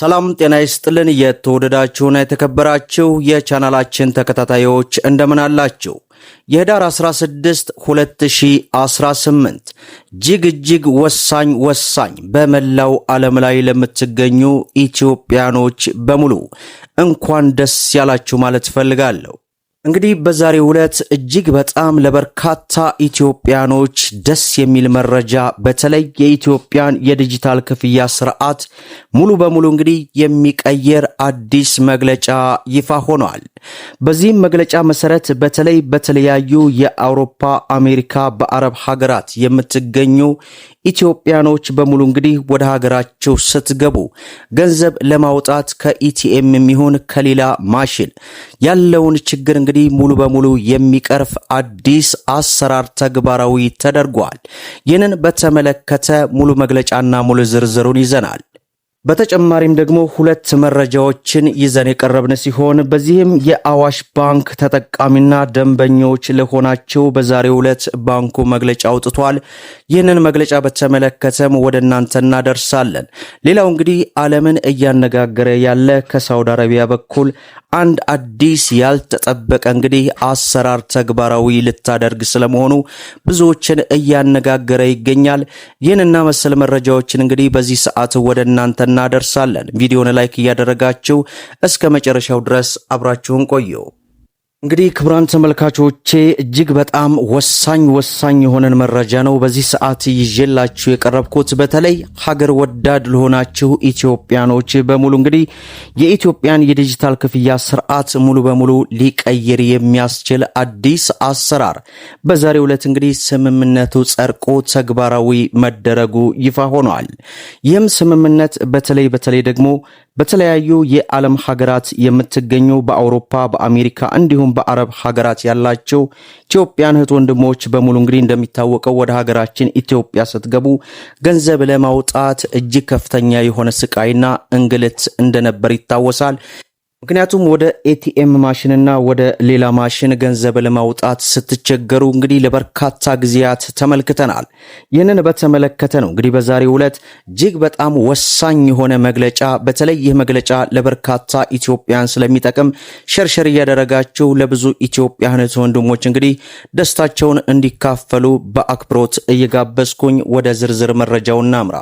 ሰላም ጤና ይስጥልን። የተወደዳችሁና የተከበራችሁ የቻናላችን ተከታታዮች እንደምን አላችሁ? የህዳር 16 2018 እጅግ እጅግ ወሳኝ ወሳኝ በመላው ዓለም ላይ ለምትገኙ ኢትዮጵያኖች በሙሉ እንኳን ደስ ያላችሁ ማለት እፈልጋለሁ። እንግዲህ በዛሬው ዕለት እጅግ በጣም ለበርካታ ኢትዮጵያኖች ደስ የሚል መረጃ በተለይ የኢትዮጵያን የዲጂታል ክፍያ ስርዓት ሙሉ በሙሉ እንግዲህ የሚቀየር አዲስ መግለጫ ይፋ ሆኗል። በዚህም መግለጫ መሰረት በተለይ በተለያዩ የአውሮፓ፣ አሜሪካ፣ በአረብ ሀገራት የምትገኙ ኢትዮጵያኖች በሙሉ እንግዲህ ወደ ሀገራቸው ስትገቡ ገንዘብ ለማውጣት ከኢቲኤም የሚሆን ከሌላ ማሽን ያለውን ችግር እንግዲህ እንግዲህ ሙሉ በሙሉ የሚቀርፍ አዲስ አሰራር ተግባራዊ ተደርጓል። ይህንን በተመለከተ ሙሉ መግለጫና ሙሉ ዝርዝሩን ይዘናል። በተጨማሪም ደግሞ ሁለት መረጃዎችን ይዘን የቀረብን ሲሆን በዚህም የአዋሽ ባንክ ተጠቃሚና ደንበኞች ለሆናቸው በዛሬው ዕለት ባንኩ መግለጫ አውጥቷል። ይህንን መግለጫ በተመለከተም ወደ እናንተ እናደርሳለን። ሌላው እንግዲህ ዓለምን እያነጋገረ ያለ ከሳውዲ አረቢያ በኩል አንድ አዲስ ያልተጠበቀ እንግዲህ አሰራር ተግባራዊ ልታደርግ ስለመሆኑ ብዙዎችን እያነጋገረ ይገኛል። ይህንና መሰል መረጃዎችን እንግዲህ በዚህ ሰዓት ወደ እናንተ እናደርሳለን። ቪዲዮን ላይክ እያደረጋችሁ እስከ መጨረሻው ድረስ አብራችሁን ቆየው። እንግዲህ ክቡራን ተመልካቾቼ እጅግ በጣም ወሳኝ ወሳኝ የሆነን መረጃ ነው በዚህ ሰዓት ይዤላችሁ የቀረብኩት። በተለይ ሀገር ወዳድ ለሆናችሁ ኢትዮጵያኖች በሙሉ እንግዲህ የኢትዮጵያን የዲጂታል ክፍያ ስርዓት ሙሉ በሙሉ ሊቀይር የሚያስችል አዲስ አሰራር በዛሬው ዕለት እንግዲህ ስምምነቱ ጸድቆ ተግባራዊ መደረጉ ይፋ ሆኗል። ይህም ስምምነት በተለይ በተለይ ደግሞ በተለያዩ የዓለም ሀገራት የምትገኙ በአውሮፓ፣ በአሜሪካ እንዲሁም በአረብ ሀገራት ያላቸው ኢትዮጵያን እህት ወንድሞች በሙሉ እንግዲህ እንደሚታወቀው ወደ ሀገራችን ኢትዮጵያ ስትገቡ ገንዘብ ለማውጣት እጅግ ከፍተኛ የሆነ ስቃይና እንግልት እንደነበር ይታወሳል። ምክንያቱም ወደ ኤቲኤም ማሽንና ወደ ሌላ ማሽን ገንዘብ ለማውጣት ስትቸገሩ እንግዲህ ለበርካታ ጊዜያት ተመልክተናል። ይህንን በተመለከተ ነው እንግዲህ በዛሬው ዕለት እጅግ በጣም ወሳኝ የሆነ መግለጫ፣ በተለይ ይህ መግለጫ ለበርካታ ኢትዮጵያን ስለሚጠቅም ሸርሸር እያደረጋችሁ ለብዙ ኢትዮጵያ እህት ወንድሞች እንግዲህ ደስታቸውን እንዲካፈሉ በአክብሮት እየጋበዝኩኝ ወደ ዝርዝር መረጃው እናምራ።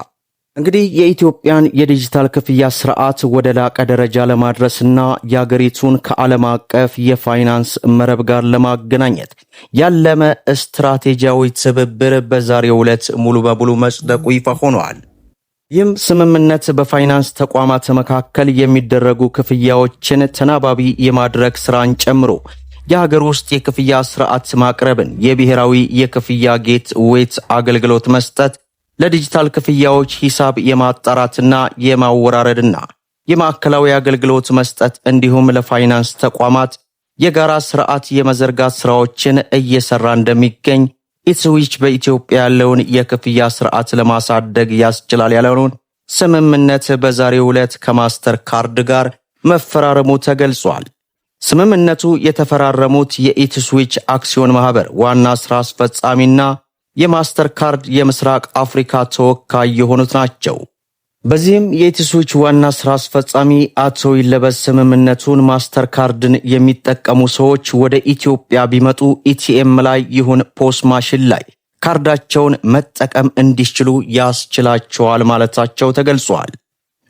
እንግዲህ የኢትዮጵያን የዲጂታል ክፍያ ስርዓት ወደ ላቀ ደረጃ ለማድረስና የአገሪቱን ከዓለም አቀፍ የፋይናንስ መረብ ጋር ለማገናኘት ያለመ ስትራቴጂያዊ ትብብር በዛሬው ዕለት ሙሉ በሙሉ መጽደቁ ይፋ ሆኗል። ይህም ስምምነት በፋይናንስ ተቋማት መካከል የሚደረጉ ክፍያዎችን ተናባቢ የማድረግ ስራን ጨምሮ የሀገር ውስጥ የክፍያ ስርዓት ማቅረብን፣ የብሔራዊ የክፍያ ጌት ዌት አገልግሎት መስጠት ለዲጂታል ክፍያዎች ሂሳብ የማጣራትና የማወራረድና የማዕከላዊ አገልግሎት መስጠት እንዲሁም ለፋይናንስ ተቋማት የጋራ ስርዓት የመዘርጋት ስራዎችን እየሰራ እንደሚገኝ ኢትስዊች በኢትዮጵያ ያለውን የክፍያ ስርዓት ለማሳደግ ያስችላል ያለውን ስምምነት በዛሬው ዕለት ከማስተር ካርድ ጋር መፈራረሙ ተገልጿል። ስምምነቱ የተፈራረሙት የኢትስዊች አክሲዮን ማህበር ዋና ስራ አስፈጻሚና የማስተር ካርድ የምስራቅ አፍሪካ ተወካይ የሆኑት ናቸው። በዚህም የኢቲሱች ዋና ስራ አስፈጻሚ አቶ ይለበስ ስምምነቱን ማስተር ካርድን የሚጠቀሙ ሰዎች ወደ ኢትዮጵያ ቢመጡ ኢቲኤም ላይ ይሁን ፖስ ማሽን ላይ ካርዳቸውን መጠቀም እንዲችሉ ያስችላቸዋል ማለታቸው ተገልጿል።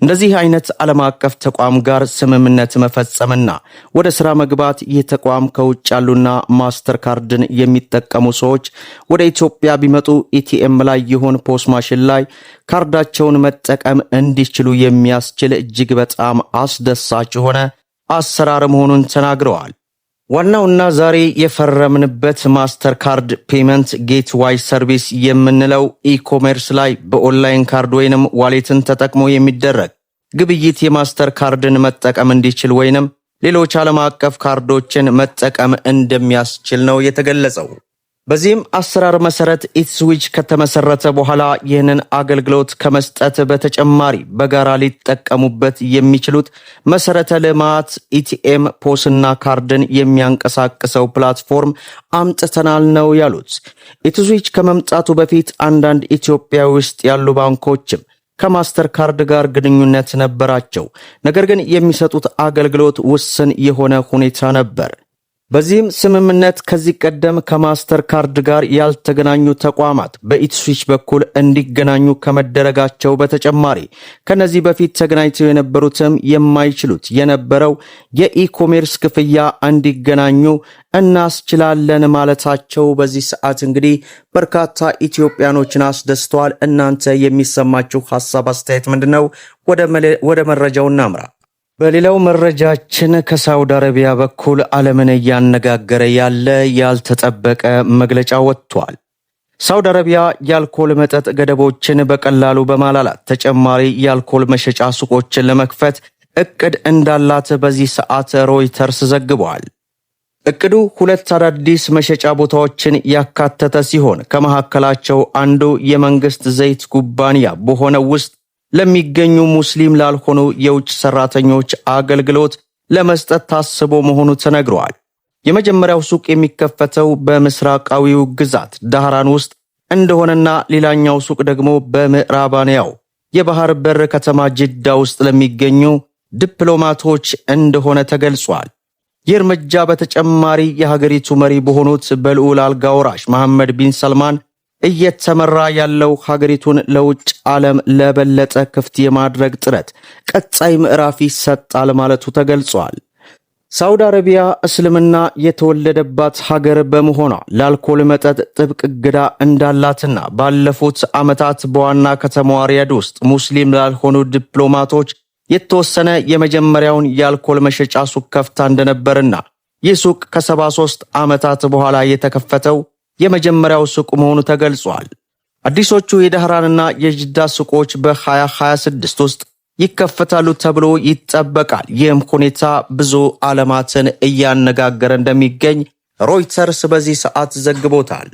እንደዚህ አይነት ዓለም አቀፍ ተቋም ጋር ስምምነት መፈጸምና ወደ ሥራ መግባት ይህ ተቋም ከውጭ ያሉና ማስተር ካርድን የሚጠቀሙ ሰዎች ወደ ኢትዮጵያ ቢመጡ ኢቲኤም ላይ ይሁን ፖስ ማሽን ላይ ካርዳቸውን መጠቀም እንዲችሉ የሚያስችል እጅግ በጣም አስደሳች የሆነ አሰራር መሆኑን ተናግረዋል። ዋናውና ዛሬ የፈረምንበት ማስተር ካርድ ፔመንት ጌትዋይ ሰርቪስ የምንለው ኢኮሜርስ ላይ በኦንላይን ካርድ ወይንም ዋሌትን ተጠቅሞ የሚደረግ ግብይት የማስተር ካርድን መጠቀም እንዲችል ወይንም ሌሎች ዓለም አቀፍ ካርዶችን መጠቀም እንደሚያስችል ነው የተገለጸው። በዚህም አሰራር መሰረት ኢትስዊች ከተመሰረተ በኋላ ይህንን አገልግሎት ከመስጠት በተጨማሪ በጋራ ሊጠቀሙበት የሚችሉት መሰረተ ልማት፣ ኢቲኤም፣ ፖስና ካርድን የሚያንቀሳቅሰው ፕላትፎርም አምጥተናል ነው ያሉት። ኢትስዊች ከመምጣቱ በፊት አንዳንድ ኢትዮጵያ ውስጥ ያሉ ባንኮችም ከማስተር ካርድ ጋር ግንኙነት ነበራቸው። ነገር ግን የሚሰጡት አገልግሎት ውስን የሆነ ሁኔታ ነበር። በዚህም ስምምነት ከዚህ ቀደም ከማስተር ካርድ ጋር ያልተገናኙ ተቋማት በኢትስዊች በኩል እንዲገናኙ ከመደረጋቸው በተጨማሪ ከነዚህ በፊት ተገናኝተው የነበሩትም የማይችሉት የነበረው የኢኮሜርስ ክፍያ እንዲገናኙ እናስችላለን ማለታቸው በዚህ ሰዓት እንግዲህ በርካታ ኢትዮጵያኖችን አስደስተዋል። እናንተ የሚሰማችሁ ሀሳብ አስተያየት ምንድን ነው? ወደ መረጃው እናምራ። በሌላው መረጃችን ከሳውዲ አረቢያ በኩል ዓለምን እያነጋገረ ያለ ያልተጠበቀ መግለጫ ወጥቷል። ሳውዲ አረቢያ የአልኮል መጠጥ ገደቦችን በቀላሉ በማላላት ተጨማሪ የአልኮል መሸጫ ሱቆችን ለመክፈት እቅድ እንዳላት በዚህ ሰዓት ሮይተርስ ዘግቧል። እቅዱ ሁለት አዳዲስ መሸጫ ቦታዎችን ያካተተ ሲሆን ከመካከላቸው አንዱ የመንግስት ዘይት ኩባንያ በሆነው ውስጥ ለሚገኙ ሙስሊም ላልሆኑ የውጭ ሰራተኞች አገልግሎት ለመስጠት ታስቦ መሆኑ ተነግሯል። የመጀመሪያው ሱቅ የሚከፈተው በምስራቃዊው ግዛት ዳህራን ውስጥ እንደሆነና ሌላኛው ሱቅ ደግሞ በምዕራባንያው የባህር በር ከተማ ጅዳ ውስጥ ለሚገኙ ዲፕሎማቶች እንደሆነ ተገልጿል። ይህ እርምጃ በተጨማሪ የሀገሪቱ መሪ በሆኑት በልዑል አልጋ ወራሽ መሐመድ ቢን ሰልማን እየተመራ ያለው ሀገሪቱን ለውጭ ዓለም ለበለጠ ክፍት የማድረግ ጥረት ቀጣይ ምዕራፍ ይሰጣል ማለቱ ተገልጿል። ሳውዲ አረቢያ እስልምና የተወለደባት ሀገር በመሆኗ ለአልኮል መጠጥ ጥብቅ እገዳ እንዳላትና ባለፉት ዓመታት በዋና ከተማዋ ሪያድ ውስጥ ሙስሊም ላልሆኑ ዲፕሎማቶች የተወሰነ የመጀመሪያውን የአልኮል መሸጫ ሱቅ ከፍታ እንደነበርና ይህ ሱቅ ከ73 ዓመታት በኋላ የተከፈተው የመጀመሪያው ሱቅ መሆኑ ተገልጿል። አዲሶቹ የዳህራንና የጅዳ ሱቆች በ2026 ውስጥ ይከፈታሉ ተብሎ ይጠበቃል። ይህም ሁኔታ ብዙ ዓለማትን እያነጋገረ እንደሚገኝ ሮይተርስ በዚህ ሰዓት ዘግቦታል።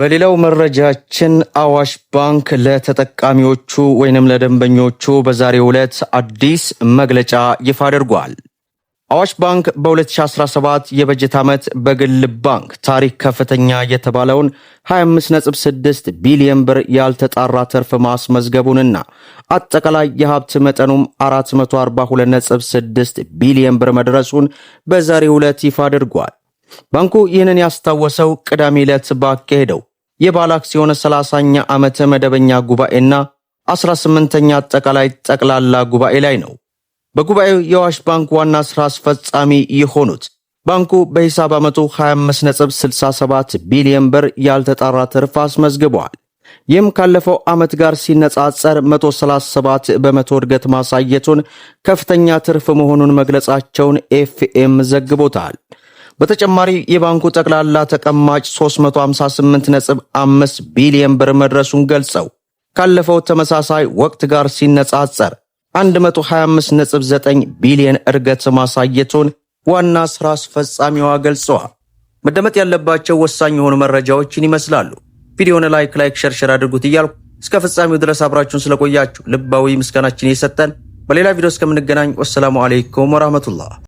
በሌላው መረጃችን አዋሽ ባንክ ለተጠቃሚዎቹ ወይንም ለደንበኞቹ በዛሬው ዕለት አዲስ መግለጫ ይፋ አድርጓል። አዋሽ ባንክ በ2017 የበጀት ዓመት በግል ባንክ ታሪክ ከፍተኛ የተባለውን 25.6 ቢሊዮን ብር ያልተጣራ ትርፍ ማስመዝገቡንና አጠቃላይ የሀብት መጠኑም 442.6 ቢሊዮን ብር መድረሱን በዛሬ ዕለት ይፋ አድርጓል። ባንኩ ይህንን ያስታወሰው ቅዳሜ ዕለት ባካሄደው የባለ አክሲዮን 30ኛ ዓመት መደበኛ ጉባኤና 18ኛ አጠቃላይ ጠቅላላ ጉባኤ ላይ ነው። በጉባኤው የአዋሽ ባንክ ዋና ሥራ አስፈጻሚ የሆኑት ባንኩ በሂሳብ ዓመቱ 25.67 ቢሊዮን ብር ያልተጣራ ትርፍ አስመዝግቧል። ይህም ካለፈው ዓመት ጋር ሲነጻጸር 137 በመቶ እድገት ማሳየቱን ከፍተኛ ትርፍ መሆኑን መግለጻቸውን ኤፍኤም ዘግቦታል። በተጨማሪ የባንኩ ጠቅላላ ተቀማጭ 358.5 ቢሊዮን ብር መድረሱን ገልጸው ካለፈው ተመሳሳይ ወቅት ጋር ሲነጻጸር 125.9 ቢሊዮን እድገት ማሳየቱን ዋና ስራ አስፈጻሚዋ ገልጸዋል። መደመጥ ያለባቸው ወሳኝ የሆኑ መረጃዎችን ይመስላሉ። ቪዲዮውን ላይክ ላይክ ሸርሸር አድርጉት እያልኩ እስከ ፍጻሜው ድረስ አብራችሁን ስለቆያችሁ ልባዊ ምስጋናችን እየሰጠን በሌላ ቪዲዮ እስከምንገናኝ ወሰላሙ አሌይኩም ወራህመቱላህ